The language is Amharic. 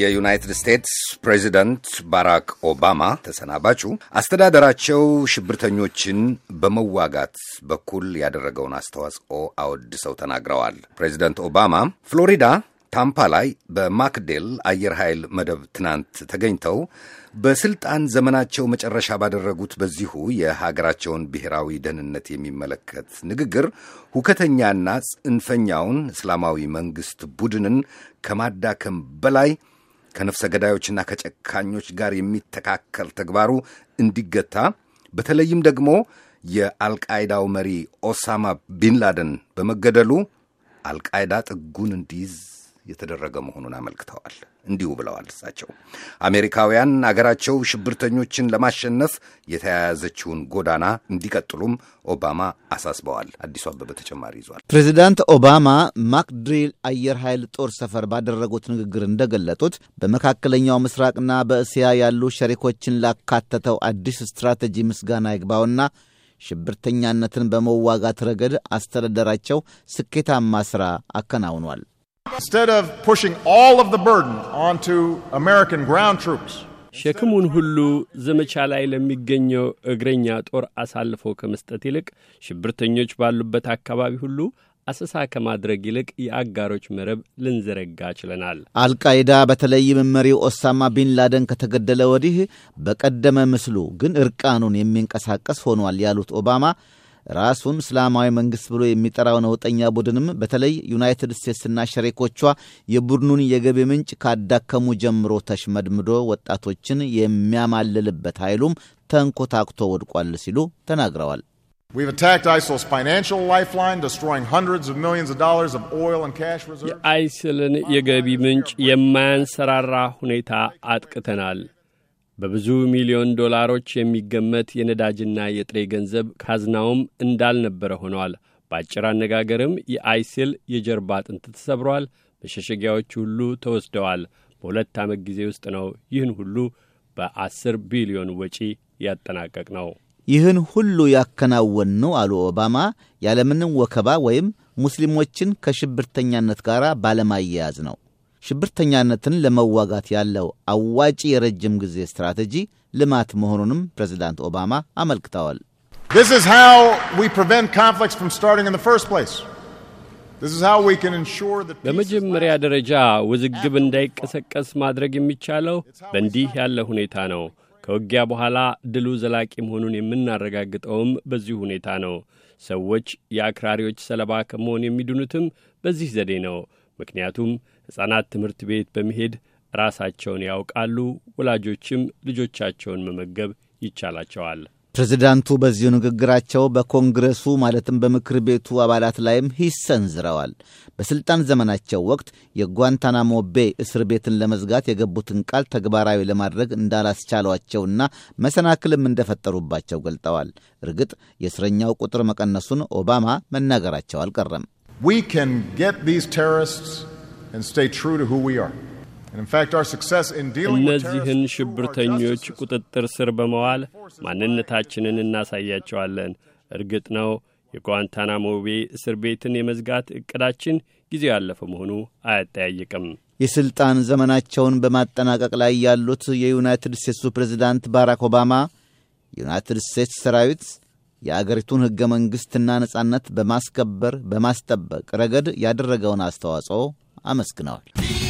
የዩናይትድ ስቴትስ ፕሬዚደንት ባራክ ኦባማ ተሰናባቹ አስተዳደራቸው ሽብርተኞችን በመዋጋት በኩል ያደረገውን አስተዋጽኦ አወድሰው ተናግረዋል። ፕሬዚደንት ኦባማ ፍሎሪዳ ታምፓ ላይ በማክዴል አየር ኃይል መደብ ትናንት ተገኝተው በስልጣን ዘመናቸው መጨረሻ ባደረጉት በዚሁ የሀገራቸውን ብሔራዊ ደህንነት የሚመለከት ንግግር ሁከተኛና ጽንፈኛውን እስላማዊ መንግስት ቡድንን ከማዳከም በላይ ከነፍሰ ገዳዮችና ከጨካኞች ጋር የሚተካከል ተግባሩ እንዲገታ በተለይም ደግሞ የአልቃይዳው መሪ ኦሳማ ቢንላደን በመገደሉ አልቃይዳ ጥጉን እንዲይዝ የተደረገ መሆኑን አመልክተዋል። እንዲሁ ብለዋል እሳቸው አሜሪካውያን አገራቸው ሽብርተኞችን ለማሸነፍ የተያያዘችውን ጎዳና እንዲቀጥሉም ኦባማ አሳስበዋል። አዲሱ አበበ ተጨማሪ ይዟል። ፕሬዚዳንት ኦባማ ማክድሪል አየር ኃይል ጦር ሰፈር ባደረጉት ንግግር እንደገለጡት በመካከለኛው ምስራቅና በእስያ ያሉ ሸሪኮችን ላካተተው አዲስ ስትራቴጂ ምስጋና ይግባውና ሽብርተኛነትን በመዋጋት ረገድ አስተዳደራቸው ስኬታማ ሥራ አከናውኗል። Instead of pushing all of the burden onto American ground troops, ሸክሙን ሁሉ ዘመቻ ላይ ለሚገኘው እግረኛ ጦር አሳልፎ ከመስጠት ይልቅ ሽብርተኞች ባሉበት አካባቢ ሁሉ አሰሳ ከማድረግ ይልቅ የአጋሮች መረብ ልንዘረጋ ችለናል። አልቃይዳ በተለይም መሪው ኦሳማ ቢን ላደን ከተገደለ ወዲህ በቀደመ ምስሉ ግን እርቃኑን የሚንቀሳቀስ ሆኗል ያሉት ኦባማ ራሱን እስላማዊ መንግሥት ብሎ የሚጠራው ነውጠኛ ቡድንም በተለይ ዩናይትድ ስቴትስና ሸሪኮቿ የቡድኑን የገቢ ምንጭ ካዳከሙ ጀምሮ ተሽመድምዶ ወጣቶችን የሚያማልልበት ኃይሉም ተንኮታክቶ ወድቋል ሲሉ ተናግረዋል። የአይስልን የገቢ ምንጭ የማያንሰራራ ሁኔታ አጥቅተናል። በብዙ ሚሊዮን ዶላሮች የሚገመት የነዳጅና የጥሬ ገንዘብ ካዝናውም እንዳልነበረ ሆነዋል። በአጭር አነጋገርም የአይሲል የጀርባ አጥንት ተሰብሯል። መሸሸጊያዎች ሁሉ ተወስደዋል። በሁለት ዓመት ጊዜ ውስጥ ነው ይህን ሁሉ በአስር ቢሊዮን ወጪ ያጠናቀቅ ነው። ይህን ሁሉ ያከናወን ነው አሉ ኦባማ፣ ያለምንም ወከባ ወይም ሙስሊሞችን ከሽብርተኛነት ጋር ባለማያያዝ ነው። ሽብርተኛነትን ለመዋጋት ያለው አዋጪ የረጅም ጊዜ ስትራቴጂ ልማት መሆኑንም ፕሬዚዳንት ኦባማ አመልክተዋል። በመጀመሪያ ደረጃ ውዝግብ እንዳይቀሰቀስ ማድረግ የሚቻለው በእንዲህ ያለ ሁኔታ ነው። ከውጊያ በኋላ ድሉ ዘላቂ መሆኑን የምናረጋግጠውም በዚሁ ሁኔታ ነው። ሰዎች የአክራሪዎች ሰለባ ከመሆን የሚድኑትም በዚህ ዘዴ ነው። ምክንያቱም ሕፃናት ትምህርት ቤት በመሄድ ራሳቸውን ያውቃሉ፣ ወላጆችም ልጆቻቸውን መመገብ ይቻላቸዋል። ፕሬዚዳንቱ በዚሁ ንግግራቸው በኮንግረሱ ማለትም በምክር ቤቱ አባላት ላይም ሂስ ሰንዝረዋል። በሥልጣን ዘመናቸው ወቅት የጓንታናሞ ቤይ እስር ቤትን ለመዝጋት የገቡትን ቃል ተግባራዊ ለማድረግ እንዳላስቻሏቸውና መሰናክልም እንደፈጠሩባቸው ገልጠዋል። እርግጥ የእስረኛው ቁጥር መቀነሱን ኦባማ መናገራቸው አልቀረም። We can get these terrorists and stay true to who we are. እነዚህን ሽብርተኞች ቁጥጥር ስር በመዋል ማንነታችንን እናሳያቸዋለን። እርግጥ ነው የጓንታናሞ ቤ እስር ቤትን የመዝጋት እቅዳችን ጊዜ ያለፈ መሆኑ አያጠያይቅም። የሥልጣን ዘመናቸውን በማጠናቀቅ ላይ ያሉት የዩናይትድ ስቴትሱ ፕሬዚዳንት ባራክ ኦባማ የዩናይትድ ስቴትስ ሰራዊት የአገሪቱን ሕገ መንግሥትና ነጻነት በማስከበር በማስጠበቅ ረገድ ያደረገውን አስተዋጽኦ አመስግነዋል።